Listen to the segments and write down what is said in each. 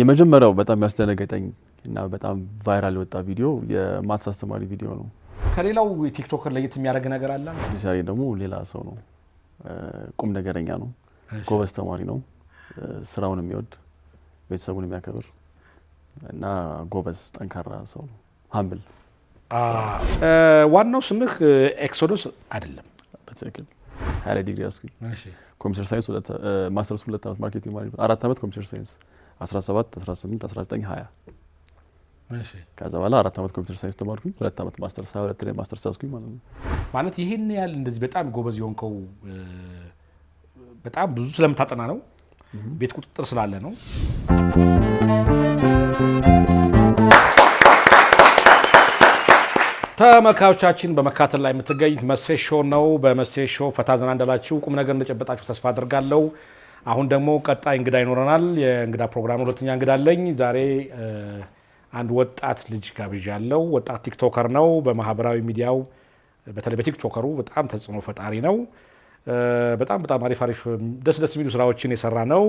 የመጀመሪያው በጣም ያስደነገጠኝ እና በጣም ቫይራል የወጣ ቪዲዮ የማትስ አስተማሪ ቪዲዮ ነው። ከሌላው ቲክቶክ ለየት የሚያደርግ ነገር አለ። ዛሬ ደግሞ ሌላ ሰው ነው። ቁም ነገረኛ ነው። ጎበዝ ተማሪ ነው። ስራውን የሚወድ ቤተሰቡን የሚያከብር እና ጎበዝ ጠንካራ ሰው ነው። ሀምብል ዋናው ስምህ ኤክሶዶስ አይደለም። በትክክል ሀያ ዲግሪ ያስኩኝ። ኮምፒተር ሳይንስ ማስተርስ ሁለት ዓመት ማርኬቲንግ ማኔጅመንት አራት ዓመት ኮምፒተር ሳይንስ አስራ አስራ ሰባት ስምንት አስራ ዘጠኝ ሀያ ከዛ በኋላ አራት ዓመት ኮምፒተር ሳይንስ ተማርኩኝ። ሁለት ዓመት ማስተርስ ሀያ ሁለት ላይ ማስተርስ ያስኩኝ ማለት ነው። ማለት ይህን ያህል እንደዚህ በጣም ጎበዝ የሆንከው በጣም ብዙ ስለምታጠና ነው፣ ቤት ቁጥጥር ስላለ ነው። ተመልካቾቻችን በመካተል ላይ የምትገኙት መሴ ሾው ነው። በመሴ ሾው ፈታ ዘና እንዳላችሁ ቁም ነገር እንደጨበጣችሁ ተስፋ አድርጋለሁ። አሁን ደግሞ ቀጣይ እንግዳ ይኖረናል። የእንግዳ ፕሮግራም ሁለተኛ እንግዳ አለኝ። ዛሬ አንድ ወጣት ልጅ ጋብዣለሁ። ወጣት ቲክቶከር ነው። በማህበራዊ ሚዲያው በተለይ በቲክቶከሩ በጣም ተጽዕኖ ፈጣሪ ነው። በጣም በጣም አሪፍ አሪፍ ደስ ደስ የሚሉ ስራዎችን የሰራ ነው።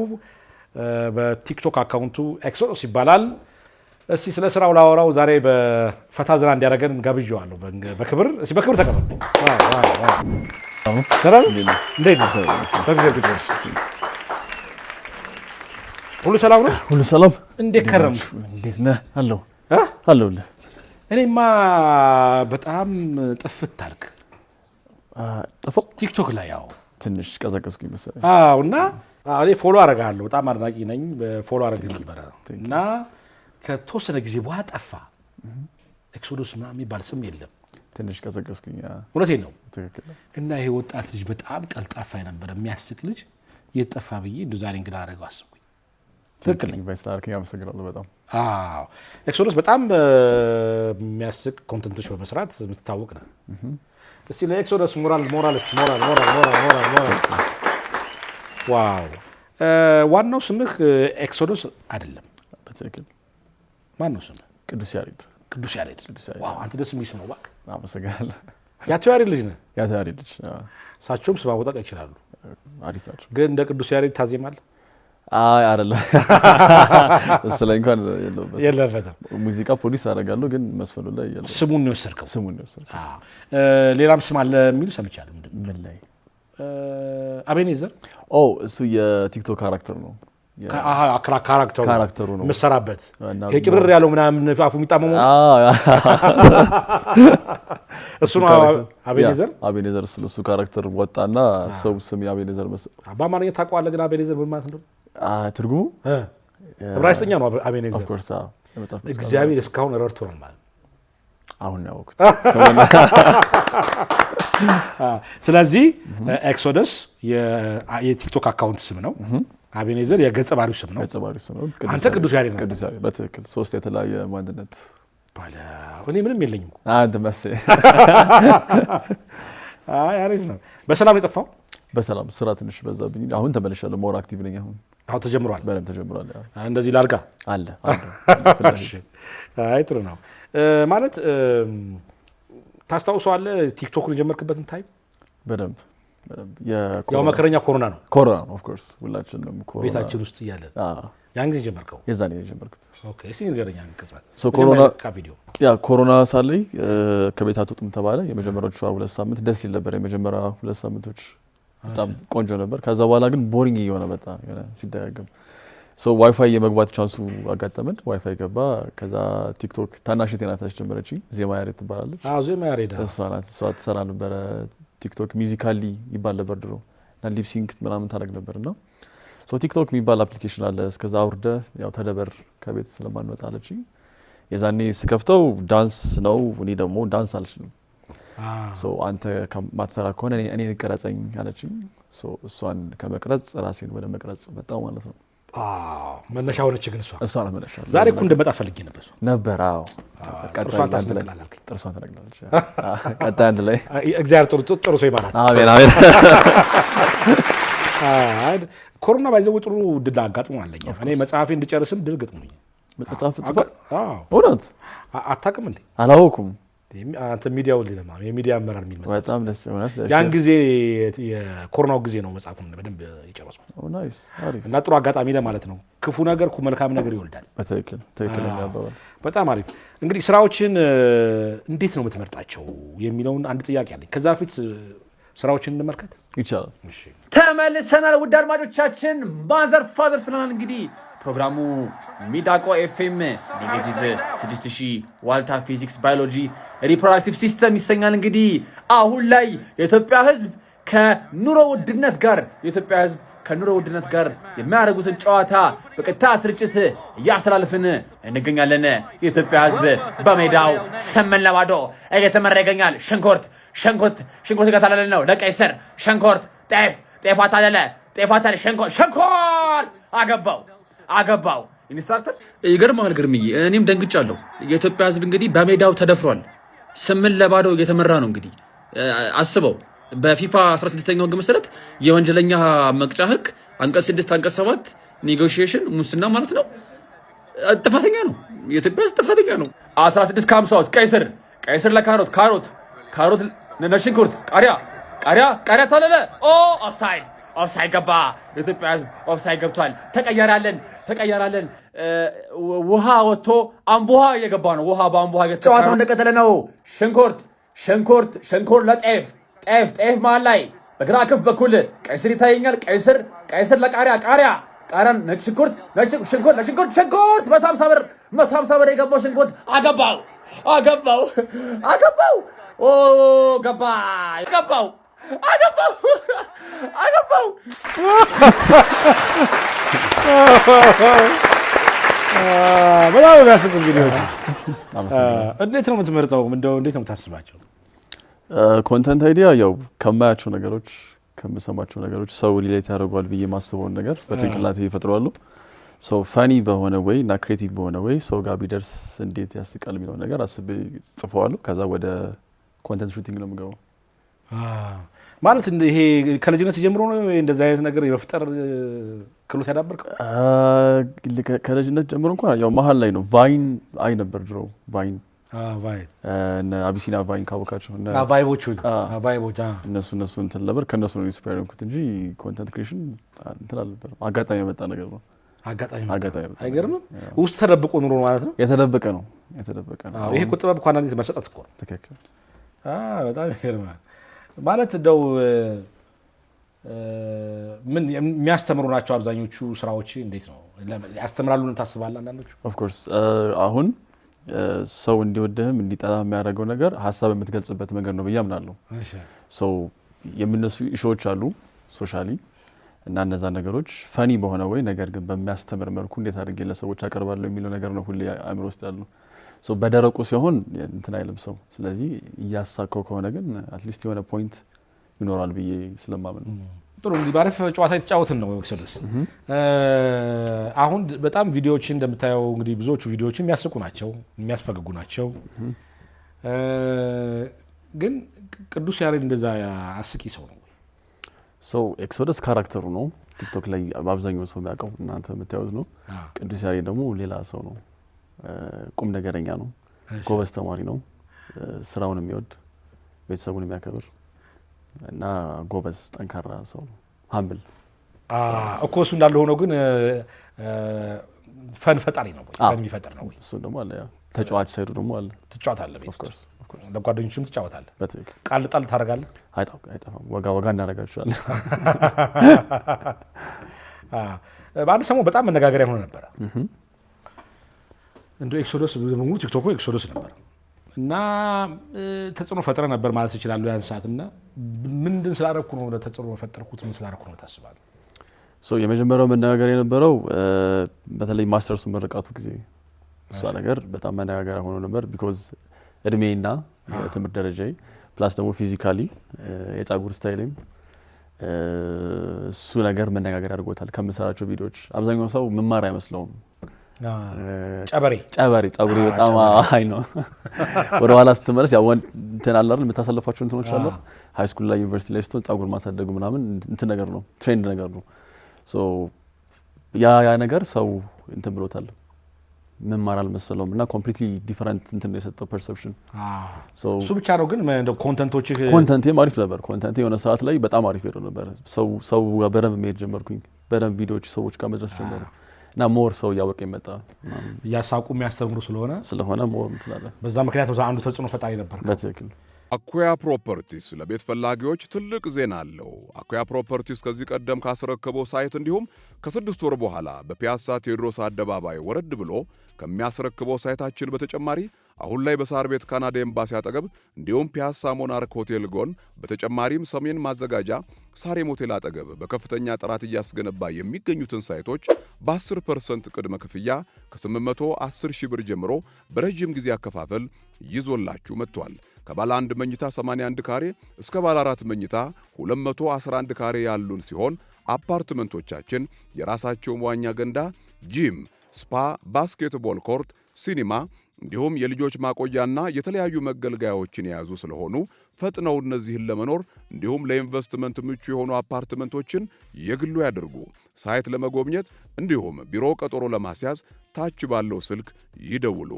በቲክቶክ አካውንቱ ኤክሶስ ይባላል። እስቲ ስለ ስራው ላወራው ዛሬ በፈታ ዘና እንዲያደርገን ጋብዣዋለሁ። በክብር እስቲ በክብር ተቀበል። ሁሉ ሰላም ነው? ሁሉ ሰላም። እንዴት ከረም? እንዴት ነህ? አለሁ አለሁልህ። እኔማ በጣም ጥፍት አልክ። ጥፍት ቲክቶክ ላይ ያው ትንሽ ቀዘቀዝኩኝ መሰለኝ። አዎ። እና እኔ ፎሎ አደርግሃለሁ፣ በጣም አድናቂ ነኝ። ፎሎ አደርግህ ነበረ እና ከተወሰነ ጊዜ በኋላ ጠፋ። ኤክሶዶስ ምናምን የሚባል ስም የለም። ትንሽ ቀሰቀስኩኝ። እውነቴ ነው። እና ይሄ ወጣት ልጅ በጣም ቀልጣፋ የነበረ የሚያስቅ ልጅ የጠፋ ብዬ እንደ ዛሬ እንግዳ አደረገው አስብኩኝ። ትክክል አመሰግናለሁ በጣም አዎ። ኤክሶዶስ በጣም የሚያስቅ ኮንተንቶች በመስራት የምትታወቅ ነው። እስቲ ለኤክሶዶስ ሞራል ሞራል ሞራል ሞራል ሞራል ሞራል ዋው ዋናው ስምህ ኤክሶዶስ አይደለም። በትክክል ማን ነው ስም? ቅዱስ ያሬድ። ቅዱስ ያሬድ። አንተ ደስ የሚል ስም ነው እባክህ። አመሰግናለሁ። ያሬድ ልጅ ነህ? ያቸው ያሬድ ልጅ። እሳቸውም ስም አወጣጥ ይችላሉ። አሪፍ ናቸው። ግን እንደ ቅዱስ ያሬድ አይ አይደለም፣ እሱ ላይ እንኳን የለበትም። ሙዚቃ ፖሊስ አደርጋለሁ፣ ግን መስፈኑ ላይ ስሙን ነው የወሰድከው? ስሙን ነው የወሰድከው። ሌላም ስም አለ የሚል ሰምቻለሁ። ምን ላይ? አቤኔዘር። ኦ እሱ የቲክቶክ ካራክተር ነው ካራክተሩ ነው የምትሰራበት የጭብርር ያለው ምናምን አፉ የሚጣመመው እሱ ነው። አቤኔዘር እሱ ካራክተር ወጣና ሰው ስም አቤኔዘር መስ በአማርኛ ታውቀዋለህ። ግን አቤኔዘር ምን ማለት እንደሆነ ትርጉሙ ዕብራይስጥኛ ነው። አቤኔዘር እግዚአብሔር እስካሁን ረድቶናል ማለት አሁን ያወቅሁት። ስለዚህ ኤክሶደስ የቲክቶክ አካውንት ስም ነው። አቤኔዘር የገጸ ባህሪው ስም ነው። አንተ ቅዱስ ያሬድ ነው። በትክክል ሶስት የተለያየ ማንነት እኔ ምንም የለኝም። አንድ መሴ አሪፍ ነው። በሰላም ነው የጠፋው። በሰላም ስራ ትንሽ በዛብኝ። አሁን ተመልሻለሁ። ሞር አክቲቭ ነኝ አሁን። አሁን ተጀምሯል፣ በደምብ ተጀምሯል። እንደዚህ ላርጋ አለ። አይ ጥሩ ነው ማለት ታስታውሰዋለህ ቲክቶክን የጀመርክበትን ታይም በደንብ ያው መከረኛ ኮሮና ነው። ኮሮና ነው ኦፍ ኮርስ ሁላችንም ኮሮና ቤታችን ውስጥ እያለን ያን ጊዜ ጀመርከው? የዛ ነው ጀመርኩት። ኦኬ እስኪ ንገረኝ። ኮሮና ሳለይ ከቤት አትወጡም ተባለ። የመጀመሪያዎቹ ሁለት ሳምንት ደስ ይል ነበር። የመጀመሪያ ሁለት ሳምንቶች በጣም ቆንጆ ነበር። ከዛ በኋላ ግን ቦሪንግ እየሆነ መጣ ሲደጋገም። ዋይፋይ የመግባት ቻንሱ አጋጠመን። ዋይፋይ ገባ። ከዛ ቲክቶክ ታናሽ ቴናታች ጀመረች። ዜማ ያሬ ትባላለች። ዜማ ያሬ እሷ ናት። እሷ ትሰራ ነበረ ቲክቶክ ሚዚካሊ ይባል ነበር ድሮ እና ሊፕሲንክ ምናምን ታደረግ ነበር እና ቲክቶክ የሚባል አፕሊኬሽን አለ። እስከዛ አውርደ ያው ተደበር ከቤት ስለማንመጣ አለች። የዛኔ ስከፍተው ዳንስ ነው። እኔ ደግሞ ዳንስ አልችልም። አንተ ማትሰራ ከሆነ እኔ ቀረጸኝ አለችኝ። እሷን ከመቅረጽ ራሴን ወደ መቅረጽ መጣው ማለት ነው። መነሻ ሆነች። ግን እሷ እሷ ናት መነሻ። ዛሬ እኮ እንደመጣ ፈልጌ ነበር ነበር። አዎ ጥርሷን ታስነቅላለች። ጥርሷን ታስነቅላለች። ቀጣይ አንድ ላይ እግዚአብሔር ጥሩ ጥሩ ሰው ይባላል። አሜን አሜን። ኮሮና ባይዘው ጥሩ ድል አጋጥሞ አለኝ። እኔ መጽሐፌ እንድጨርስም ድል ገጥሞኝ መጽሐፍ እውነት አታውቅም እንዴ? አላወኩም አንተ ሚዲያው ሌለማ የሚዲያ አመራር የሚል በጣም ደስ ያን ጊዜ የኮሮናው ጊዜ ነው። መጽሐፉን በደንብ የጨረስኩት እና ጥሩ አጋጣሚ ለማለት ነው። ክፉ ነገር መልካም ነገር ይወልዳል። በጣም አሪፍ። እንግዲህ ስራዎችን እንዴት ነው የምትመርጣቸው የሚለውን አንድ ጥያቄ አለኝ። ከዛ በፊት ስራዎችን እንመልከት ይቻላል። ተመልሰናል። ውድ አድማጮቻችን ማዘር ፋዘርስ ብለናል እንግዲህ ፕሮግራሙ ሚዳቆ ኤፍኤም ኔጌቲቭ 6000 ዋልታ ፊዚክስ ባዮሎጂ ሪፕሮዳክቲቭ ሲስተም ይሰኛል። እንግዲህ አሁን ላይ የኢትዮጵያ ሕዝብ ከኑሮ ውድነት ጋር የኢትዮጵያ ሕዝብ ከኑሮ ውድነት ጋር የሚያደርጉትን ጨዋታ በቀጥታ ስርጭት እያስተላልፍን እንገኛለን። የኢትዮጵያ ሕዝብ በሜዳው ሰመን ለባዶ እየተመራ ይገኛል። ሸንኮርት ሸንኮርት ሸንኮርት እየታለለ ነው ለቀይሰር ሸንኮርት ጤፍ ጤፋ ታለለ ጤፋ ታለለ ሸንኮርት ሸንኮርት አገባው አገባው ኢንስትራክተር ይገርማል። ግርምዬ እኔም ደንግጫለሁ። የኢትዮጵያ ሕዝብ እንግዲህ በሜዳው ተደፍሯል። ስምን ለባዶ እየተመራ ነው። እንግዲህ አስበው በፊፋ 16ኛው ህግ መሰረት የወንጀለኛ መቅጫ ህግ አንቀጽ 6 አንቀጽ 7 ኔጎሽሽን ሙስና ማለት ነው። ጥፋተኛ ነው። የኢትዮጵያ ሕዝብ ጥፋተኛ ነው። 16 ከ50 ውስጥ ቀይ ስር ቀይ ስር ለካሮት ካሮት ካሮት ለሽንኩርት ቃሪያ ቃሪያ ቃሪያ ታለለ ኦ ኦፍሳይድ ኦፍሳይድ ገባ። ኢትዮጵያ ሕዝብ ኦፍሳይድ ገብቷል። ተቀየራለን ተቀየራለን። ውሃ ወጥቶ አምቦሃ እየገባ ነው። ውሃ ገ ጨዋታው እንደቀጠለ ነው። ሽንኮርት ሽንኮርት ሽንኮርት ለጤፍ ጤፍ ጤፍ መሀል ላይ በግራ ክፍ በኩል ቀይስር ይታየኛል። ቀይስር ቀይስር ለቃሪያ ቃሪያ ቃሪያ ቃሪያን ሽንኩርት ሽንኩርት ለሽንኩርት ሽንኩርት መቶ ሀምሳ ብር መቶ ሀምሳ ብር የገባው ሽንኩርት አገባው አገባው አገባው ገባ ገባው አገባው አገባው። በጣም የሚያስብ እንግዲህ እንዴት ነው የምትመርጠው? እንደው እንዴት ነው የምታስባቸው? ኮንተንት አይዲያ ያው ከማያቸው ነገሮች ከምሰማቸው ነገሮች ሰው ሪሌት ያደርጓል ብዬ የማስበውን ነገር በጭንቅላቴ ይፈጥሯሉ። ሰው ፈኒ በሆነ ወይ እና ክሬቲቭ በሆነ ወይ ሰው ጋር ቢደርስ እንዴት ያስቃል የሚለውን ነገር አስቤ ጽፈዋለሁ። ከዛ ወደ ኮንተንት ሹቲንግ ነው የምገባው። ማለት ይሄ ከልጅነት ጀምሮ ነው እንደዚህ አይነት ነገር የመፍጠር ክሎት ያዳበርከው? ከልጅነት ጀምሮ እንኳን ያው መሀል ላይ ነው። ቫይን አይ ነበር ድሮ ቫይን አቢሲና ቫይን ካወቃቸው እነሱ እነሱ እንትን ነበር ከእነሱ ነው ኢንስፓየር ሆንኩት እንጂ ኮንተንት ክሬሽን እንትን አልነበረም። አጋጣሚ የመጣ ነገር ነው። አጋጣሚ አይገርምም? ውስጥ ተደብቆ ኑሮ ማለት ነው። የተደበቀ ነው። የተደበቀ ነው። ይሄ እኮ ጥበብ እኮ አንዳንዴ መሰጠት እኮ ነው። ትክክል። በጣም ይገርማል። ማለት እንደው ምን የሚያስተምሩ ናቸው አብዛኞቹ ስራዎች? እንዴት ነው ያስተምራሉ ታስባለህ? አንዳንዶቹ ኦፍኮርስ አሁን ሰው እንዲወድህም እንዲጠላህ የሚያደርገው ነገር ሀሳብ የምትገልጽበት መንገድ ነው ብዬ አምናለሁ። ሰው የምነሱ ኢሾዎች አሉ ሶሻሊ እና እነዛ ነገሮች ፈኒ በሆነ ወይ ነገር ግን በሚያስተምር መልኩ እንዴት አድርጌ ለሰዎች አቀርባለሁ የሚለው ነገር ነው ሁሌ አእምሮ ውስጥ ያለው። በደረቁ ሲሆን እንትን አይልም ሰው። ስለዚህ እያሳከው ከሆነ ግን አትሊስት የሆነ ፖይንት ይኖራል ብዬ ስለማምን ጥሩ እንግዲህ ባሪፍ ጨዋታ የተጫወትን ነው ኤክሶደስ። አሁን በጣም ቪዲዮዎች እንደምታየው እንግዲህ ብዙዎቹ ቪዲዮዎች የሚያስቁ ናቸው፣ የሚያስፈግጉ ናቸው። ግን ቅዱስ ያሬድ እንደዛ አስቂ ሰው ነው ሰው ኤክሶደስ ካራክተሩ ነው። ቲክቶክ ላይ በአብዛኛው ሰው የሚያውቀው እናንተ የምታዩት ነው። ቅዱስ ያሬድ ደግሞ ሌላ ሰው ነው። ቁም ነገረኛ ነው፣ ጎበዝ ተማሪ ነው፣ ስራውን የሚወድ ቤተሰቡን የሚያከብር እና ጎበዝ ጠንካራ ሰው ነው። ሀምብል እኮ እሱ እንዳለ ሆኖ ግን ፈን ፈጣሪ ነው፣ ፈን የሚፈጥር ነው። እሱ ደግሞ አለ ተጫዋች ሳይዱ ደግሞ አለ። ትጫወታለህ፣ ለጓደኞችም ትጫወታለህ። ቃል ጣል ታደርጋለህ፣ አይጠፋም። ወጋ ወጋ እናደርጋችኋለን። በአንድ ሰሞን በጣም መነጋገሪያ ሆኖ ነበረ እንደ ኤክሶዶስ በሙሉ ቲክቶኩ ኤክሶዶስ ነበር እና ተጽዕኖ ፈጥረ ነበር ማለት ይችላሉ። ያን ሰዓት እና ምንድን ስላረኩ ነው ተጽዕኖ ፈጠርኩት? ምን ስላረኩ ነው ታስባለህ? የመጀመሪያው መነጋገር የነበረው በተለይ ማስተርሱ ምርቃቱ ጊዜ እሷ ነገር በጣም መነጋገር ሆኖ ነበር። ቢኮዝ እድሜና የትምህርት ደረጃ ፕላስ ደግሞ ፊዚካሊ የጸጉር ስታይልም እሱ ነገር መነጋገር አድርጎታል። ከምሰራቸው ቪዲዮዎች አብዛኛው ሰው መማር አይመስለውም ጨበሬ ጨበሬ ጸጉሪ በጣም አይ ነው። ወደ ኋላ ስትመለስ ያው እንትን አለ አይደል የምታሳልፏቸው እንትኖች አለ ሃይ ስኩል ላይ ዩኒቨርሲቲ ላይ ስትሆን ጸጉር ማሳደጉ ምናምን እንትን ነገር ነው ትሬንድ ነገር ነው። ሶ ያ ያ ነገር ሰው እንትን ብሎታል መማር አልመሰለውም እና ኮምፕሊትሊ ዲፈረንት እንትን የሰጠው ፐርሰፕሽን። እሱ ብቻ ነው ግን ኮንተንቶች ኮንተንቴም አሪፍ ነበር። ኮንተንቴ የሆነ ሰዓት ላይ በጣም አሪፍ ሄዶ ነበር። ሰው በደንብ መሄድ ጀመርኩኝ። በደንብ ቪዲዮዎች ሰዎች ጋር መድረስ ጀመሩ። እና ሞር ሰው እያወቀ ይመጣ እያሳቁ የሚያስተምሩ ስለሆነ ስለሆነ ሞር እንትላለን። በዛ ምክንያት አንዱ ተጽዕኖ ፈጣሪ ነበር። በትክክል አኩያ ፕሮፐርቲስ ለቤት ፈላጊዎች ትልቅ ዜና አለው። አኩያ ፕሮፐርቲስ ከዚህ ቀደም ካስረከበው ሳይት እንዲሁም ከስድስት ወር በኋላ በፒያሳ ቴዎድሮስ አደባባይ ወረድ ብሎ ከሚያስረክበው ሳይታችን በተጨማሪ አሁን ላይ በሳር ቤት ካናዳ ኤምባሲ አጠገብ እንዲሁም ፒያሳ ሞናርክ ሆቴል ጎን በተጨማሪም ሰሜን ማዘጋጃ ሳሬም ሆቴል አጠገብ በከፍተኛ ጥራት እያስገነባ የሚገኙትን ሳይቶች በ10 ፐርሰንት ቅድመ ክፍያ ከ810 ሺህ ብር ጀምሮ በረዥም ጊዜ አከፋፈል ይዞላችሁ መጥቷል። ከባለ አንድ መኝታ 81 ካሬ እስከ ባለ አራት መኝታ 211 ካሬ ያሉን ሲሆን አፓርትመንቶቻችን የራሳቸው መዋኛ ገንዳ፣ ጂም፣ ስፓ፣ ባስኬትቦል ኮርት፣ ሲኒማ እንዲሁም የልጆች ማቆያና የተለያዩ መገልገያዎችን የያዙ ስለሆኑ ፈጥነው እነዚህን ለመኖር እንዲሁም ለኢንቨስትመንት ምቹ የሆኑ አፓርትመንቶችን የግሉ ያድርጉ። ሳይት ለመጎብኘት እንዲሁም ቢሮ ቀጠሮ ለማስያዝ ታች ባለው ስልክ ይደውሉ።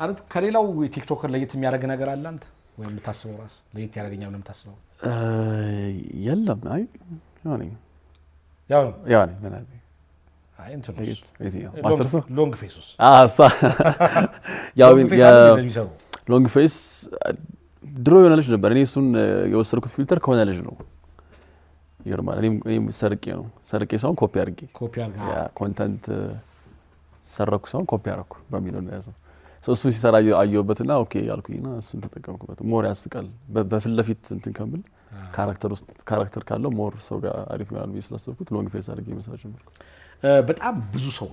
ማለት ከሌላው ቲክቶክ ለየት የሚያደርግ ነገር አለ አንተ ወይም የምታስበው ራሱ ለየት ያደርገኛል የምታስበው የለም? አይ ያው ነው ያው ነው ምን ሎንግ ፌስ ያው ሎንግ ፌስ ድሮ የሆነ ልጅ ነበር። እኔ እሱን የወሰድኩት ፊልተር ከሆነ ልጅ ነው። ይገርማል። እኔም ሰርቄ ነው ሰርቄ ሳይሆን ኮፒ አድርጌ ኮንተንት ሰረኩ ሳይሆን ኮፒ አደረኩ በሚለው ነው የያዘው። እሱ ሲሰራ አየሁበትና ኦኬ ያልኩኝና እሱን ተጠቀምኩበት። ሞር ያስቃል በፊት ለፊት እንትን ከምል ካራክተር ውስጥ ካራክተር ካለው ሞር ሰው ጋር አሪፍ ይሆናል ብዬ ስላሰብኩት ሎንግ ፌስ አድርጌ መስራት ጀመርኩ። በጣም ብዙ ሰው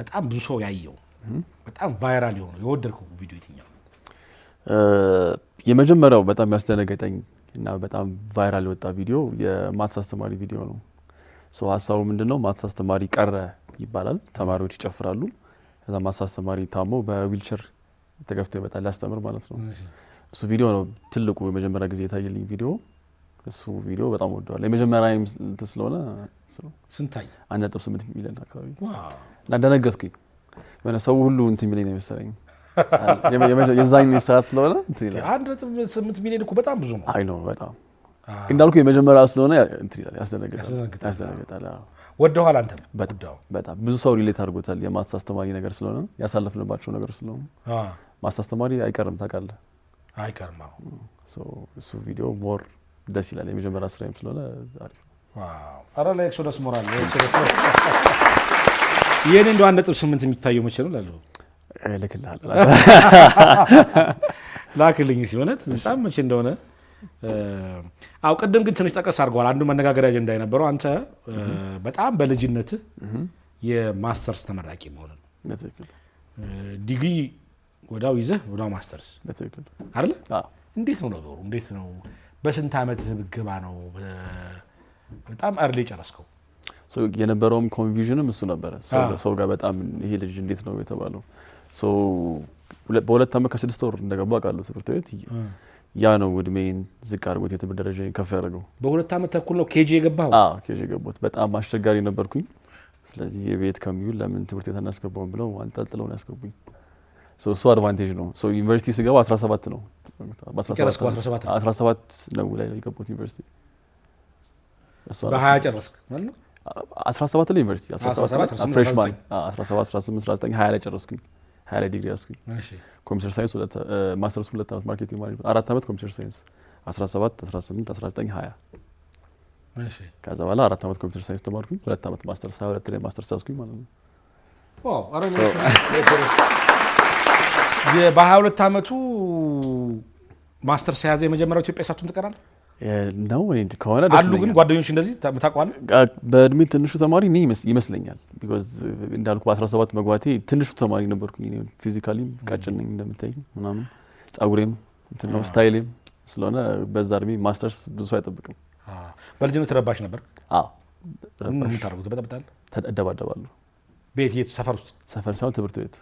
በጣም ብዙ ሰው ያየው በጣም ቫይራል የሆነው የወደድከው ቪዲዮ የትኛው? የመጀመሪያው በጣም ያስደነገጠኝ እና በጣም ቫይራል የወጣ ቪዲዮ የማትስ አስተማሪ ቪዲዮ ነው። ሀሳቡ ምንድን ነው? ማትስ አስተማሪ ቀረ ይባላል። ተማሪዎች ይጨፍራሉ ከዛ ማስ አስተማሪ ታሞ በዊልቸር ተገፍቶ ይመጣል ሊያስተምር ማለት ነው። እሱ ቪዲዮ ነው ትልቁ የመጀመሪያ ጊዜ የታየልኝ ቪዲዮ። እሱ ቪዲዮ በጣም ወደዋል። የመጀመሪያ እንትን ስለሆነ ስንታይ አንድ ነጥብ ስምንት ሚሊዮን አካባቢ እና ደነገጥኩኝ። የሆነ ሰው ሁሉ እንትን የሚለኝ ነው የመሰለኝ የዛኝ ሰዓት ስለሆነ አንድ ነጥብ ስምንት ሚሊዮን እኮ በጣም ብዙ ነው። አይ ነው በጣም እንዳልኩ የመጀመሪያ ስለሆነ እንትን ይላል፣ ያስደነግጣል። ወደኋላ አንተ በጣም ብዙ ሰው ሪሌት አድርጎታል። የማትስ አስተማሪ ነገር ስለሆነ ያሳለፍንባቸው ነገር ስለሆነ ማትስ አስተማሪ አይቀርም ታውቃለህ፣ አይቀርም። እሱ ቪዲዮ ሞር ደስ ይላል። የመጀመሪያ ስራም ስለሆነ አሪፍ ነው። ለኤክሶደስ ሞራል ይህን እንደ አንድ ነጥብ ስምንት የሚታየው መቼ ነው ላለው ልክልሃል ላክልኝ ሲሆነት በጣም መቼ እንደሆነ አው ቅድም ግን ትንሽ ጠቀስ አድርገዋል። አንዱ መነጋገሪያ አጀንዳ የነበረው አንተ በጣም በልጅነትህ የማስተርስ ተመራቂ መሆን ዲግሪ ወዳው ይዘህ ወዳው ማስተርስ አለ። እንዴት ነው ነገሩ? እንዴት ነው በስንት ዓመት ብገባ ነው በጣም አርሊ ጨረስከው? የነበረውም ኮንቪዥንም እሱ ነበረ ሰው ጋር በጣም ይሄ ልጅ እንዴት ነው የተባለው በሁለት ዓመት ከስድስት ወር እንደገባ አውቃለሁ ትምህርት ቤት። ያ ነው እድሜን ዝቅ አድርጎት የትምህርት ደረጃ ከፍ ያደረገው። በሁለት ዓመት ተኩል ነው ኬጂ የገባው? ኬጂ የገባት በጣም አስቸጋሪ ነበርኩኝ። ስለዚህ የቤት ከሚውል ለምን ትምህርት ቤት አናስገባውም ብለው አንጠልጥለውን ያስገቡኝ። እሱ አድቫንቴጅ ነው። ዩኒቨርሲቲ ስገባ 17 ነው አስራ ሰባት ነው ላይ ነው ዩኒቨርሲቲ። በሀያ ጨረስክ አስራ ሰባት ላይ ዩኒቨርሲቲ አስራ ፍሬሽማን ሀያ ላይ ጨረስኩኝ። ሀያ ላይ ዲግሪ ያስኩኝ ኮምፒተር ሳይንስ ማስተርስ ሁለት ዓመት ማርኬቲንግ ማኔጅመንት አራት ዓመት ኮምፒተር ሳይንስ አስራ አስራ ሰባት ስምንት አስራ ዘጠኝ ሀያ ከዛ በኋላ አራት ዓመት ኮምፒተር ሳይንስ ተማርኩኝ ሁለት ዓመት ማስተርስ ሀያ ሁለት ላይ ማስተርስ ያስኩኝ ማለት ነው። በሀያ ሁለት ዓመቱ ማስተርስ የያዘ የመጀመሪያው ኢትዮጵያ ሳችሁን ትቀራለህ ነው ከሆነ አሉ። ግን ጓደኞች እንደዚህ ታውቀዋለህ? በእድሜ ትንሹ ተማሪ እኔ ይመስለኛል። ቢኮዝ እንዳልኩ በ17 መግባቴ ትንሹ ተማሪ ነበርኩኝ። ፊዚካሊ ቀጭን ነኝ እንደምታይ ምናምን፣ ጸጉሬም ነው ስታይሌም ስለሆነ በዛ እድሜ ማስተርስ ብዙ ሰው አይጠብቅም። በልጅነት ተረባሽ ነበር። ምታደርጉት በጠብጣል? እደባደባለሁ። ቤት የቱ? ሰፈር ውስጥ? ሰፈር ሳይሆን ትምህርት ቤት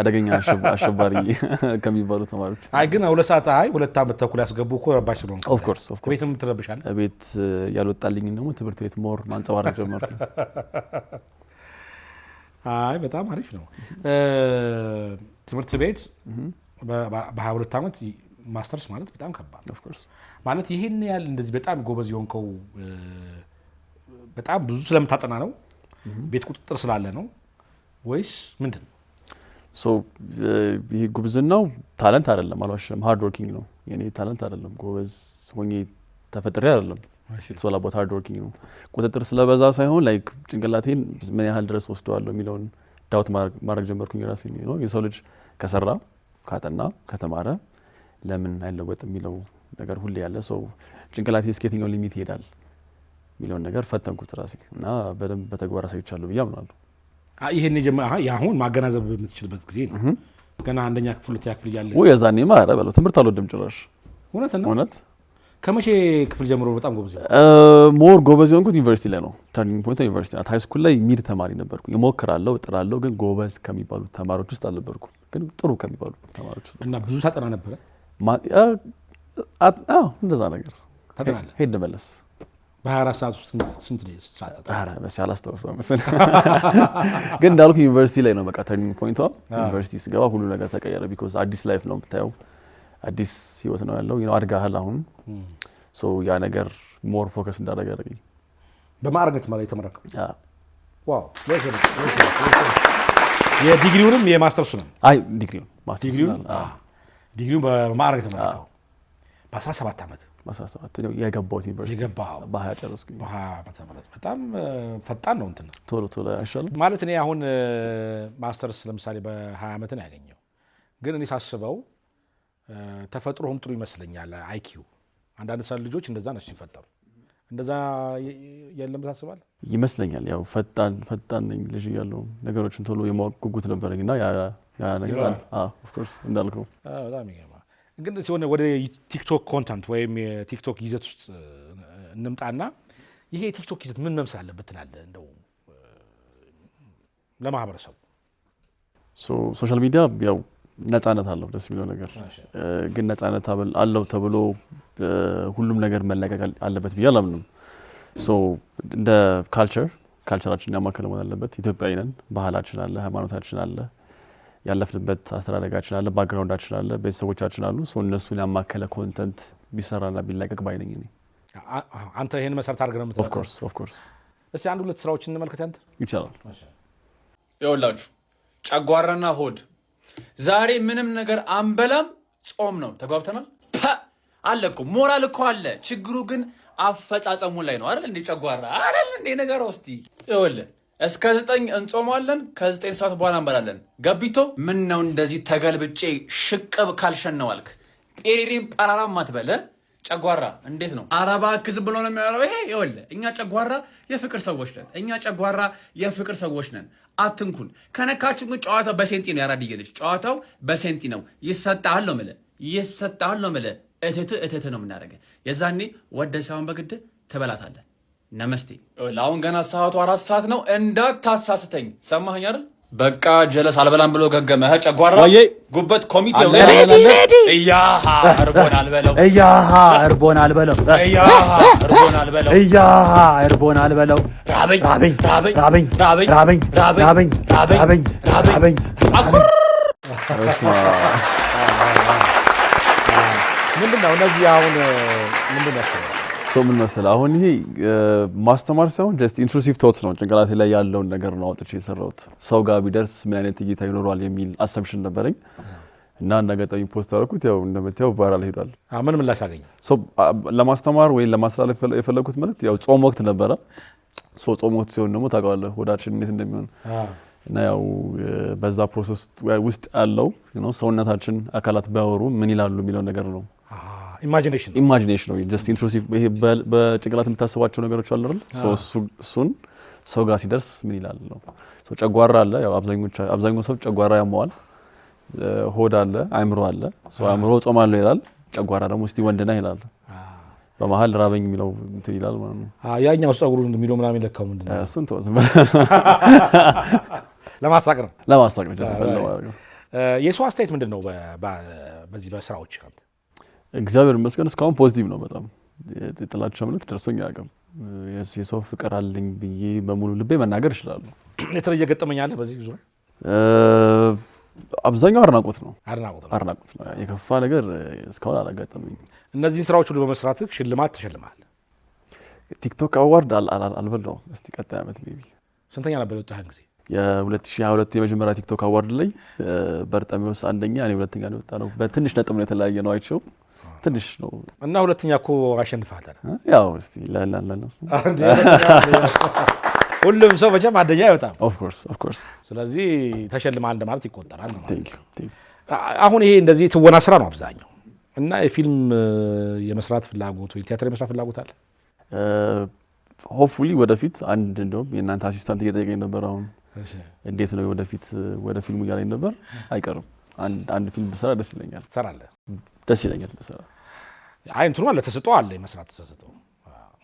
አደገኛ አሸባሪ ከሚባሉ ተማሪዎች አይ ግን ሁለት ሰዓት አይ ሁለት ዓመት ተኩል ያስገቡ እኮ ረባሽ ስለሆን ኦፍኮርስ ቤትም ትረብሻል። ቤት ያልወጣልኝ ደግሞ ትምህርት ቤት ሞር ማንጸባረቅ ጀመር። አይ በጣም አሪፍ ነው። ትምህርት ቤት በሀያ ሁለት ዓመት ማስተርስ ማለት በጣም ከባድ ማለት ይህን ያህል እንደዚህ በጣም ጎበዝ የሆንከው በጣም ብዙ ስለምታጠና ነው ቤት ቁጥጥር ስላለ ነው ወይስ ምንድን ነው? ይሄ ጉብዝናው ታለንት አይደለም፣ አልዋሽም። ሀርድ ወርኪንግ ነው የኔ ታለንት አይደለም። ጎበዝ ሆኜ ተፈጥሬ አይደለም። የተሰላበት ሀርድ ወርኪንግ ነው። ቁጥጥር ስለበዛ ሳይሆን ላይክ ጭንቅላቴን ምን ያህል ድረስ ወስደዋለሁ የሚለውን ዳውት ማድረግ ጀመርኩኝ ራሴ ነው። የሰው ልጅ ከሰራ ካጠና ከተማረ ለምን አይለወጥ የሚለው ነገር ሁሌ ያለ ሰው ጭንቅላቴ የትኛው ሊሚት ይሄዳል የሚለውን ነገር ፈተንኩት ራሴ እና በደንብ በተግባር አሳይቻለሁ ብዬ አምናለሁ። ይሄን የአሁን ማገናዘብ በምትችልበት ጊዜ ነው። ገና አንደኛ ክፍል ሁለተኛ ክፍል እያለ ወይ የዛኔማ ኧረ በለው ትምህርት አልወድም ጭራሽ። እውነት ነው እውነት። ከመቼ ክፍል ጀምሮ በጣም ጎበዝ ሞር ጎበዝ የሆንኩት ዩኒቨርሲቲ ላይ ነው። ተርኒንግ ፖይንት ዩኒቨርሲቲ ናት። ሀይ ስኩል ላይ ሚድ ተማሪ ነበርኩ። እሞክራለሁ፣ እጥራለሁ፣ ግን ጎበዝ ከሚባሉ ተማሪዎች ውስጥ አልነበርኩ፣ ግን ጥሩ ከሚባሉ ተማሪዎች ውስጥ እና ብዙ ታጠና ነበረ እንደዛ ነገር ሄድ መለስ በ24 ሰዓት ውስጥ ስንት ሳጠጣ አላስታውሰውም። ግን እንዳልኩ ዩኒቨርሲቲ ላይ ነው በቃ ተርኒንግ ፖይንቷ። ዩኒቨርሲቲ ስገባ ሁሉ ነገር ተቀየረ። ቢኮዝ አዲስ ላይፍ ነው የምታየው፣ አዲስ ህይወት ነው ያለው። አድጋህል አሁን ያ ነገር ሞር ፎከስ እንዳደረገ ያደረገኝ በማዕረግነት ማለት የተመረከው የዲግሪውንም የማስተርሱ ነው። አይ ዲግሪውን በማዕረግ የተመረከው በ17 ዓመት በ17 ነው የገባሁት ዩኒቨርሲቲ የገባኸው በሀያ ጨረስኩኝ። በሀያ ዓመተ ምህረት በጣም ፈጣን ነው እንትን ቶሎ ቶሎ አይሻልም ማለት እኔ አሁን ማስተርስ ለምሳሌ በሀያ ዓመት ነው ያገኘው። ግን እኔ ሳስበው ተፈጥሮም ጥሩ ይመስለኛል። አይኪው አንዳንድ ሰ ልጆች እንደዛ ናቸው ሲፈጠሩ እንደዛ የለም ታስባል ይመስለኛል። ያው ፈጣን ፈጣን ነኝ ልጅ እያለሁ ነገሮችን ቶሎ የማወቅ ጉጉት ነበረኝ እና ያ ነገር እንዳልከው ግን ሲሆን ወደ ቲክቶክ ኮንተንት ወይም የቲክቶክ ይዘት ውስጥ እንምጣና ይሄ የቲክቶክ ይዘት ምን መምሰል አለበት ትላለህ? እንደው ለማህበረሰቡ ሶሻል ሚዲያ ያው ነጻነት አለው ደስ የሚለው ነገር ግን ነጻነት አለው ተብሎ ሁሉም ነገር መለቀቅ አለበት ብዬ አላምንም። እንደ ካልቸር ካልቸራችን ያማከለ መሆን አለበት። ኢትዮጵያዊ ነን፣ ባህላችን አለ፣ ሃይማኖታችን አለ ያለፍንበት አስተዳደጋችን አለ፣ ባክግራውንዳችን አለ፣ ቤተሰቦቻችን አሉ። እነሱን ያማከለ ኮንተንት ቢሰራና ቢለቀቅ ባይነኝ እኔ አንተ ይህን መሰረት አድርገ ነው የምትለው። እስኪ አንድ ሁለት ስራዎች እንመልከት። ያንተ ይቻላል። ይኸውላችሁ ጨጓራና ሆድ ዛሬ ምንም ነገር አንበላም፣ ጾም ነው። ተጓብተናል። አለ እኮ ሞራል እኮ አለ። ችግሩ ግን አፈጻጸሙ ላይ ነው አይደል? እንደ ጨጓራ አይደል እንደ ነገር ውስጥ ይኸውልህ እስከ ዘጠኝ እንጾማለን። ከዘጠኝ ሰዓት በኋላ እንበላለን። ገቢቶ ምን ነው እንደዚህ ተገልብጬ ሽቅብ ካልሸነዋልክ ጴሪሪም ጳራራም አትበለ ጨጓራ እንዴት ነው? አረባ ክዝም ብሎ ነው የሚያወራው። ይሄ ይኸውልህ፣ እኛ ጨጓራ የፍቅር ሰዎች ነን። እኛ ጨጓራ የፍቅር ሰዎች ነን። አትንኩን። ከነካችን ግን ጨዋታው በሴንቲ ነው። ያራድዬ ልጅ ጨዋታው በሴንቲ ነው። ይሰጣል ነው የምልህ፣ ይሰጣል ነው የምልህ። እትት እትት ነው የምናደርገህ። የዛኔ ወደ ሳይሆን በግድ ትበላታለህ። ነመስቴ። ለአሁን ገና ሰዓቱ አራት ሰዓት ነው፣ እንዳታሳስተኝ። ሰማኸኝ አይደል? በቃ ጀለስ አልበላም ብሎ ገገመ። ጨጓራ ጉበት ኮሚቴ እያ እርቦን አልበለው እያ እርቦን አልበለው እያ እርቦን አልበለው እያ ራበኝ ራበኝ ራበኝ ራበኝ ራበኝ ምንድን ነው እነዚህ አሁን ምንድን ነው ሰው ምን መሰለህ አሁን ይሄ ማስተማር ሳይሆን ጀስት ኢንትሩሲቭ ቶትስ ነው። ጭንቅላቴ ላይ ያለውን ነገር ነው አውጥቼ የሰራሁት። ሰው ጋር ቢደርስ ምን አይነት እይታ ይኖረዋል የሚል አሰምሽን ነበረኝ እና እንዳጋጣሚ ፖስት አደረኩት። ያው እንደምታየው ቫይራል ሄዷል። ምን ምላሽ አገኘ? ለማስተማር ወይም ለማስተላለፍ የፈለግኩት መልእክት ያው ጾም ወቅት ነበረ። ጾም ወቅት ሲሆን ደግሞ ታውቃለህ ሆዳችን እንዴት እንደሚሆን እና ያው በዛ ፕሮሰስ ውስጥ ያለው ሰውነታችን አካላት ባያወሩ ምን ይላሉ የሚለው ነገር ነው ኢማጂኔሽን ነው። ጀስት ኢንትሩሲቭ ይሄ በጭንቅላት የምታስባቸው ነገሮች አሉ አይደል? እሱን ሰው ጋር ሲደርስ ምን ይላል ነው። ጨጓራ አለ። አብዛኛው ሰው ጨጓራ ያመዋል። ሆድ አለ፣ አይምሮ አለ። አእምሮ ጾም አለው ይላል። ጨጓራ ደግሞ እስቲ ወንድና ይላል። በመሀል ራበኝ የሚለው እንትን ይላል ማለት ነው። ያኛው ውስጥ ጸጉሩ የሚለው ምናምን ይለካው ምንድን ነው? እሱን ተወው፣ ዝም በለው። ለማሳቅ ነው ለማሳቅ ነው። የሰው አስተያየት ምንድን ነው በዚህ በስራዎች እግዚአብሔር ይመስገን እስካሁን ፖዚቲቭ ነው። በጣም የጥላቸው እምነት ደርሶኝ አያውቅም። የሰው ፍቅር አለኝ ብዬ በሙሉ ልቤ መናገር እችላለሁ። የተለየ ገጠመኝ አለ በዚህ ዙሪያ? አብዛኛው አድናቆት ነው አድናቆት ነው። የከፋ ነገር እስካሁን አላጋጠመኝ። እነዚህን ስራዎች ሁሉ በመስራት ሽልማት ተሸልመሃል። ቲክቶክ አዋርድ አልበላውም። እስቲ ቀጣይ ዓመት ቢቢ ስንተኛ ነበር የወጣህን ጊዜ? የ2022 የመጀመሪያ ቲክቶክ አዋርድ ላይ በርጣሚ ውስጥ አንደኛ፣ እኔ ሁለተኛ ነው የወጣ ነው። በትንሽ ነጥብ ነው የተለያየ ነው አይቸው ትንሽ ነው እና ሁለተኛ እኮ አሸንፋለን። ያው እስቲ ሁሉም ሰው መቼም አንደኛ አይወጣም። ስለዚህ ተሸልማል እንደማለት ይቆጠራል። አሁን ይሄ እንደዚህ ትወና ስራ ነው አብዛኛው እና የፊልም የመስራት ፍላጎት ወይ ቲያትር የመስራት ፍላጎት አለ? ሆፕፉሊ ወደፊት አንድ እንደውም የእናንተ አሲስታንት እየጠየቀኝ ነበር። አሁን እንዴት ነው ወደፊት ወደ ፊልሙ እያለኝ ነበር። አይቀርም አንድ ፊልም ብሰራ ደስ ይለኛል። ሰራለ ደስ ይለኛል። አይ እንትኑ አለ ተሰጠው አለ መስራት ተሰጠው።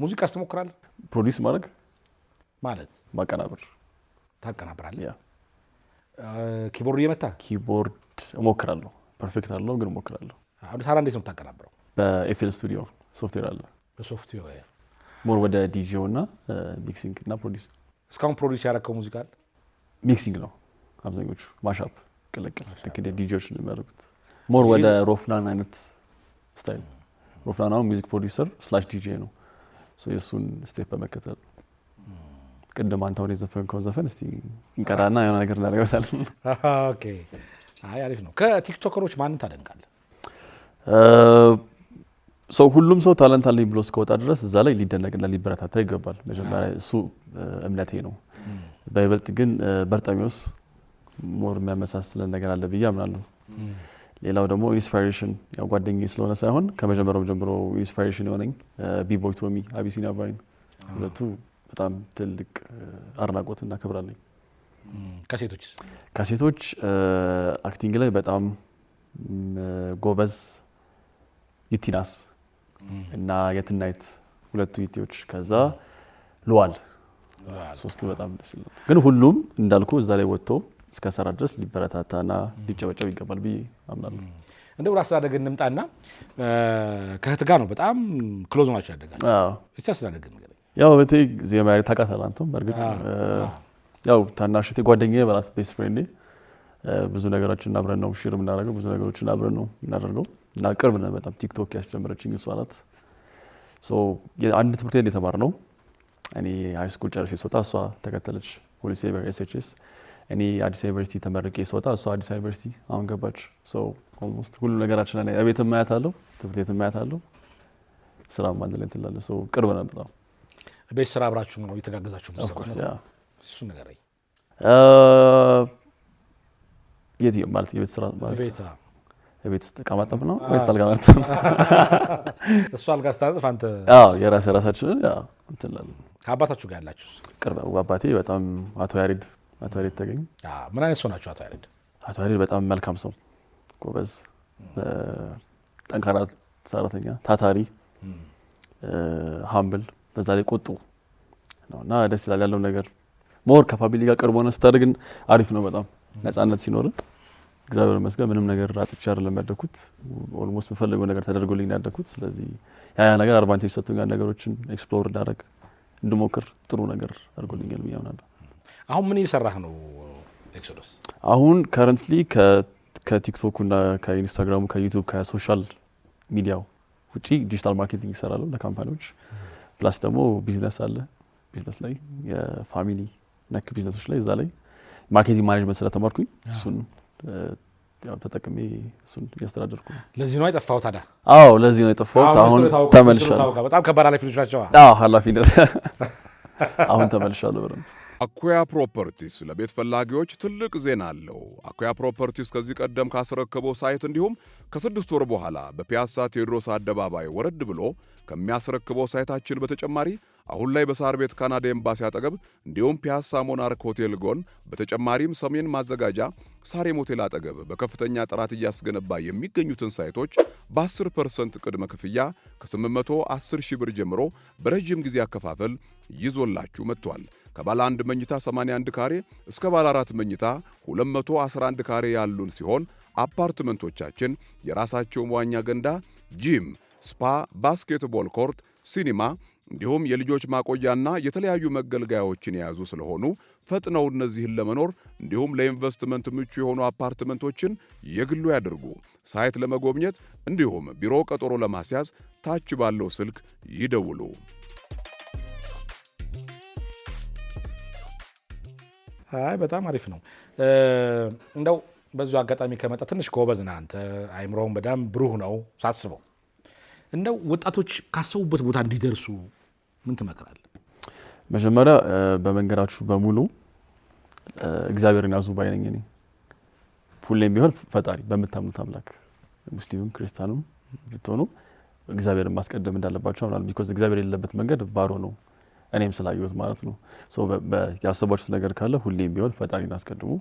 ሙዚቃ ስትሞክራለህ? ፕሮዲስ ማድረግ ማለት ማቀናበር። ታቀናብራለህ? ኪቦርድ እየመታህ? ኪቦርድ እሞክራለሁ። ፐርፌክት አለው ግን እሞክራለሁ። አሁን ታዲያ እንዴት ነው የምታቀናብረው? በኤፍኤል ስቱዲዮ ሶፍትዌር አለ። በሶፍትዌር ሞር ወደ ዲጂው እና ሚክሲንግ እና ፕሮዲስ። እስካሁን ፕሮዲስ ያደረከው ሙዚቃ አለ? ሚክሲንግ ነው አብዛኞቹ ማሻፕ ቅልቅል፣ ልክ እንደ ዲጂዎች ነው የሚያደርጉት ሞር ወደ ሮፍናን አይነት ስታይል ሮፍናን አሁን ፕሮዲሰር ስላሽ ዲጄ ነው። የእሱን ስቴፕ በመከተል ቅድም አንተ ወደ የዘፈንከው ዘፈን እስቲ እንቀራና የሆነ ነገር እናደርገታለን። አሪፍ ነው። ከቲክቶከሮች ማንን ታደንቃለህ? Uh, ሰው ሁሉም ሰው ታለንት አለኝ ብሎ እስከወጣ ድረስ እዛ ላይ ሊደነቅና ሊበረታታ ይገባል። መጀመሪያ እሱ uh, እምነቴ ነው። በይበልጥ ግን uh, በርጠሚዎስ ሞር የሚያመሳስለን ነገር አለ ብዬ አምናለሁ። ሌላው ደግሞ ኢንስፓሬሽን ያው ጓደኛዬ ስለሆነ ሳይሆን ከመጀመሪያው ጀምሮ ኢንስፓሬሽን የሆነኝ ቢቦይ ቶሚ አቢሲኒያ ባይን ሁለቱ በጣም ትልቅ አድናቆት እና ክብር አለኝ። ከሴቶች ከሴቶች አክቲንግ ላይ በጣም ጎበዝ ይቲናስ እና የትናይት ሁለቱ ይቲዎች፣ ከዛ ሉዋል ሶስቱ በጣም ደስ ግን ሁሉም እንዳልኩ እዛ ላይ ወጥቶ እስከሰራ ድረስ ሊበረታታና ሊጨበጨብ ይገባል ብዬ አምናለሁ። እንደ ወደ አስተዳደግ እንምጣና ከእህት ጋር ነው በጣም ክሎዝ ናቸው ያደጋል። እስቲ አስተዳደግ ንገረኝ። ያው እህቴ ጊዜ ማሪ ታውቃታለህ አንተም። በእርግጥ ያው ታናሽ እህቴ ጓደኛዬ በላት ቤስት ፍሬንዴ ብዙ ነገሮችን አብረን ነው ሽር የምናደርገው፣ ብዙ ነገሮችን አብረን ነው የምናደርገው እና ቅርብ ነን በጣም። ቲክቶክ ያስጀመረችኝ እሷ ናት። አንድ ትምህርት ቤት የተማርነው እኔ ሃይስኩል ጨርሼ ስወጣ እሷ ተከተለች ፖሊስ ኤስ ኤች ኤስ እኔ አዲስ ዩኒቨርሲቲ ተመርቄ ስወጣ እሷ አዲስ ዩኒቨርሲቲ አሁን ገባች። ኦልሞስት ሁሉ ነገራችን ላይ ቤት ማያት አለው፣ ትምህርት ቤት ማያት አለው፣ ስራ አንድ ላይ ትላለ። ቅርብ ነበር። ቤት ስራ አብራችሁ ነው የተጋገዛችሁ? እሱ ነገር የት ማለት የቤት ስራ ማለት ቤት ውስጥ እቃ ማጠብ ነው ወይስ አልጋ ማጠብ እሱ አልጋ ስታነጥፍ አንተ? አዎ የራስ የራሳችንን እንትን እላለን። ከአባታችሁ ጋር ያላችሁ ቅርብ አባቴ በጣም አቶ ያሬድ አቶ ያሬድ ተገኙ ምን አይነት ሰው ናቸው? አቶ ያሬድ አቶ ያሬድ በጣም መልካም ሰው፣ ጎበዝ፣ ጠንካራ ሰራተኛ፣ ታታሪ፣ ሀምብል፣ በዛ ላይ ቁጡ ነው እና ደስ ይላል ያለው ነገር ሞር ከፋሚሊ ጋር ቅርቦ ሆነ ስታደርግ አሪፍ ነው። በጣም ነጻነት ሲኖር እግዚአብሔር ይመስገን ምንም ነገር አጥቼ አይደለም ያደኩት። ኦልሞስት በፈለገው ነገር ተደርጎልኝ ነው ያደኩት። ስለዚህ ያ ያ ነገር አድቫንቴጅ ሰጥቶኛል። ነገሮችን ኤክስፕሎር እንዳደረግ እንድሞክር ጥሩ ነገር አድርጎልኛል ብዬ አምናለሁ። አሁን ምን እየሰራህ ነው ኤክሶዶስ? አሁን ከረንትሊ ከቲክቶክ እና ከኢንስታግራሙ ከዩቱብ ከሶሻል ሚዲያው ውጪ ዲጂታል ማርኬቲንግ ይሰራሉ ለካምፓኒዎች። ፕላስ ደግሞ ቢዝነስ አለ። ቢዝነስ ላይ የፋሚሊ ነክ ቢዝነሶች ላይ እዛ ላይ ማርኬቲንግ ማኔጅመንት ስለተማርኩኝ እሱን ተጠቅሜ እሱን እያስተዳደርኩ ነው። ለዚህ ነው የጠፋሁት። ታዲያ አዎ፣ ለዚህ ነው የጠፋሁት። አሁን ተመልሻለሁ። በጣም ከባድ ኃላፊነት ናቸው። ኃላፊነት አሁን ተመልሻለሁ በደንብ አኩያ ፕሮፐርቲስ ለቤት ፈላጊዎች ትልቅ ዜና አለው። አኩያ ፕሮፐርቲስ ከዚህ ቀደም ካስረከበው ሳይት እንዲሁም ከስድስት ወር በኋላ በፒያሳ ቴዎድሮስ አደባባይ ወረድ ብሎ ከሚያስረክበው ሳይታችን በተጨማሪ አሁን ላይ በሳር ቤት ካናዳ ኤምባሲ አጠገብ እንዲሁም ፒያሳ ሞናርክ ሆቴል ጎን በተጨማሪም ሰሜን ማዘጋጃ ሳሬም ሆቴል አጠገብ በከፍተኛ ጥራት እያስገነባ የሚገኙትን ሳይቶች በ10 ፐርሰንት ቅድመ ክፍያ ከ810 ሺህ ብር ጀምሮ በረዥም ጊዜ አከፋፈል ይዞላችሁ መጥቷል። ከባለ አንድ መኝታ 81 ካሬ እስከ ባለ አራት መኝታ 211 ካሬ ያሉን ሲሆን አፓርትመንቶቻችን የራሳቸው መዋኛ ገንዳ፣ ጂም፣ ስፓ፣ ባስኬትቦል ኮርት፣ ሲኒማ እንዲሁም የልጆች ማቆያና የተለያዩ መገልገያዎችን የያዙ ስለሆኑ ፈጥነው እነዚህን ለመኖር እንዲሁም ለኢንቨስትመንት ምቹ የሆኑ አፓርትመንቶችን የግሉ ያድርጉ። ሳይት ለመጎብኘት እንዲሁም ቢሮ ቀጠሮ ለማስያዝ ታች ባለው ስልክ ይደውሉ። አይ በጣም አሪፍ ነው። እንደው በዙ አጋጣሚ ከመጣ ትንሽ ጎበዝ ነህ አንተ፣ አይምሮውን በጣም ብሩህ ነው ሳስበው። እንደው ወጣቶች ካሰቡበት ቦታ እንዲደርሱ ምን ትመክራለህ? መጀመሪያ በመንገዳችሁ በሙሉ እግዚአብሔርን ያዙ ባይነኝ እኔ። ሁሌም ቢሆን ፈጣሪ በምታምኑት አምላክ ሙስሊምም ክርስቲያኑም ብትሆኑ እግዚአብሔርን ማስቀደም እንዳለባቸው አምናለሁ። ቢኮዝ እግዚአብሔር የሌለበት መንገድ ባሮ ነው። እኔም ስላዩት ማለት ነው። ያሰባችሁት ነገር ካለ ሁሌም ቢሆን ፈጣሪን አስቀድሙ።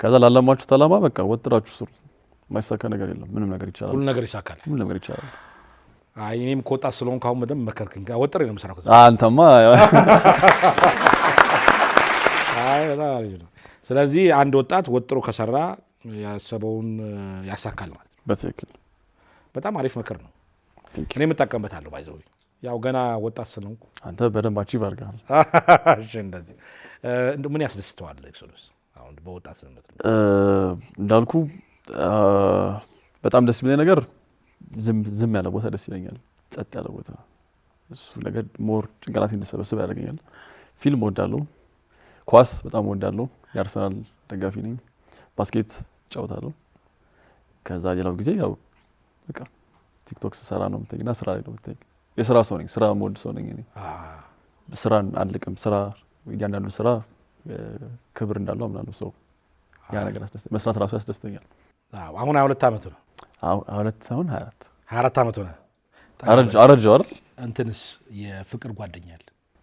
ከዛ ላለማችሁት አላማ በቃ ወጥራችሁ ስሩ። ማይሳካ ነገር የለም። ምንም ነገር ይቻላል። ሁሉ ነገር ይሳካል። ሁሉ ነገር ይቻላል። አይ እኔም ከወጣት ስለሆንኩ አሁን በደንብ መከርከኝ። ወጥሬ ነው የምሰራው። አንተማ ስለዚህ አንድ ወጣት ወጥሮ ከሰራ ያሰበውን ያሳካል ማለት ነው። በትክክል በጣም አሪፍ ምክር ነው። እኔ የምጠቀምበታለሁ ባይዘው ያው ገና ወጣት ስለሆንኩ አንተ በደንብ አቺቭ አድርገሃል። እንደዚህ ምን ያስደስተዋል ኤክሶዶስ? አሁን በወጣት ስነት እንዳልኩ በጣም ደስ የሚለኝ ነገር ዝም ያለ ቦታ ደስ ይለኛል። ጸጥ ያለ ቦታ እሱ ነገር ሞር ጭንቅላት እንዲሰበስብ ያደርገኛል። ፊልም ወዳለሁ፣ ኳስ በጣም ወዳለሁ። የአርሰናል ደጋፊ ነኝ። ባስኬት እጫወታለሁ። ከዛ ሌላው ጊዜ ያው በቃ ቲክቶክ ስሰራ ነው የምትገኝ እና ስራ ላይ ነው የምትገኝ የስራ ሰው ነኝ። ስራ መወድ ሰው ነኝ። እኔ ስራን አልቅም። ስራ እያንዳንዱ ስራ ክብር እንዳለው አምናለሁ። ሰው ያ ነገር መስራት ራሱ ያስደስተኛል። አሁን ሀያ ሁለት ዓመቱ ነው። ሀያ ሁለት ሳይሆን ሀያ አራት ሀያ አራት ዓመቱ ነው። አረጀው አይደል? እንትንስ የፍቅር ጓደኛል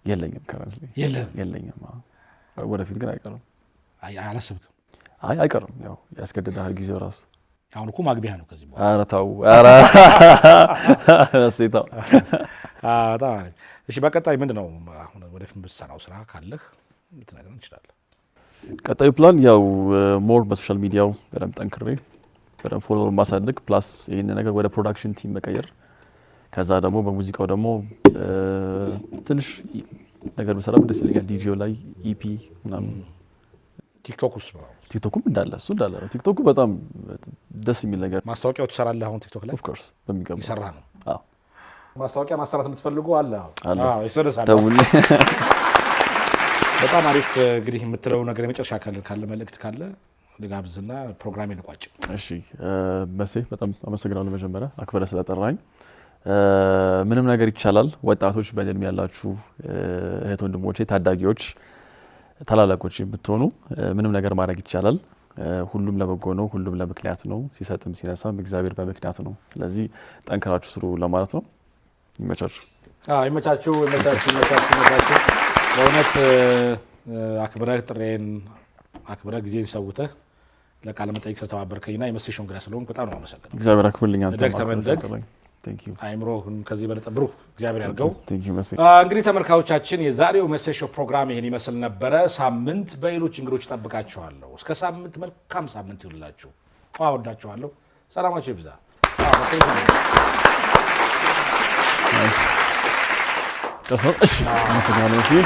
የለኝም። ከረንት የለኝም። ወደፊት ግን አይቀርም። አላሰብክም? አይ አይቀርም። ያው ያስገድዳል ጊዜው ራሱ አሁን እኮ ማግቢያ ነው። ከዚህ በኋላ ኧረ ተው ኧረ እሴታው በጣም እሺ በቀጣይ ምንድን ነው አሁን ወደፊት የምትሰራው ስራ ካለህ ልትነግረን እንችላለን? ቀጣዩ ፕላን ያው ሞር በሶሻል ሚዲያው በደንብ ጠንክሬ በደንብ ፎሎወር ማሳደግ ፕላስ ይህን ነገር ወደ ፕሮዳክሽን ቲም መቀየር ከዛ ደግሞ በሙዚቃው ደግሞ ትንሽ ነገር ብሰራ ደስ ይለኛል። ዲጂ ላይ ኢፒ ምናምን ቲክቶክ ውስጥ ቲክቶኩም እንዳለ እሱ እንዳለ ነው። ቲክቶኩ በጣም ደስ የሚል ነገር ማስታወቂያው ትሰራለህ። አሁን ቲክቶክ ላይ ኦፍኮርስ በሚገባ ይሰራ ነው። ማስታወቂያ ማሰራት የምትፈልጉ አለ ይሰደሳለ በጣም አሪፍ። እንግዲህ የምትለው ነገር የመጨረሻ ካለ መልእክት ካለ ልጋብዝና ፕሮግራም ይንቋጭ። እሺ መሴ በጣም አመሰግናለሁ። መጀመሪያ አክበረ ስለጠራኝ ምንም ነገር ይቻላል። ወጣቶች በእድሜ ያላችሁ እህት ወንድሞቼ ታዳጊዎች ታላላቆች ብትሆኑ ምንም ነገር ማድረግ ይቻላል። ሁሉም ለበጎ ነው። ሁሉም ለምክንያት ነው። ሲሰጥም ሲነሳም እግዚአብሔር በምክንያት ነው። ስለዚህ ጠንክራችሁ ስሩ ለማለት ነው። ይመቻችሁ፣ ይመቻችሁ፣ ይመቻችሁ፣ ይመቻችሁ። በእውነት አክብረህ ጥሬን አክብረህ ጊዜን ሰውተህ ለቃለ መጠይቅ ስለተባበርከኝና የመስሽን ግዳ ስለሆን በጣም ነው አመሰግናለሁ። እግዚአብሔር አክብርልኛል። ደግ ተመንደግ አይምሮህን ከዚህ በለጠ ብሩህ እግዚአብሔር ያድርገው። እንግዲህ ተመልካዮቻችን የዛሬው መሴት ፕሮግራም ይህን ይመስል ነበረ። ሳምንት በሌሎች እንግዶች እጠብቃችኋለሁ። እስከ ሳምንት መልካም ሳምንት ይሁንላችሁ። ወዳችኋለሁ። ሰላማችሁ ይብዛ። ጨርሰው እሺ፣ አመሰግናለሁ።